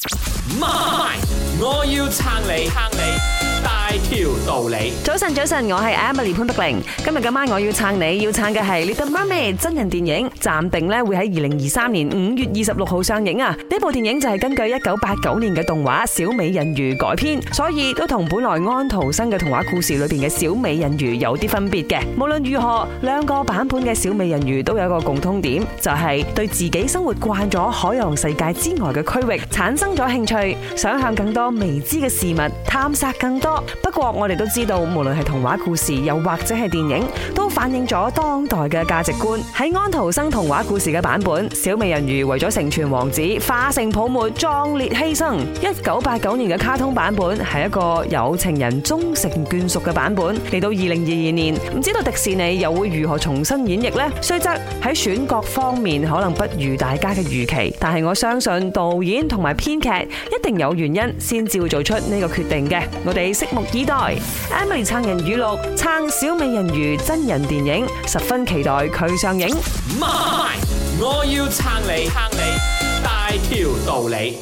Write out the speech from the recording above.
媽咪，My，我要撐你，撐你。大條道理，早晨早晨，我係 Emily 潘碧玲。今日今晚我要撐你，要撐嘅係《The Little Mermaid》真人電影，暫定咧會喺二零二三年五月二十六號上映啊！呢部電影就係根據一九八九年嘅動畫《小美人魚》改編，所以都同本來安徒生嘅童話故事裏邊嘅小美人魚有啲分別嘅。無論如何，兩個版本嘅小美人魚都有一個共通點，就係對自己生活慣咗海洋世界之外嘅區域產生咗興趣，想向更多未知嘅事物，探索更多。不過我哋都知道，無論係童話故事又或者係電影，都反映咗當代嘅價值觀。喺安徒生童話故事嘅版本，小美人魚為咗成全王子，化成泡沫，壯烈犧牲。一九八九年嘅卡通版本係一個有情人終成眷屬嘅版本。嚟到二零二二年，唔知道迪士尼又會如何重新演繹呢？雖則喺選角方面可能不如大家嘅預期，但係我相信導演同埋編劇一定有原因先至會做出呢個決定嘅。我哋。拭目以待，Emily 撐人語錄，撐小美人魚真人電影，十分期待佢上映。我要撐你，撐你，大條道理。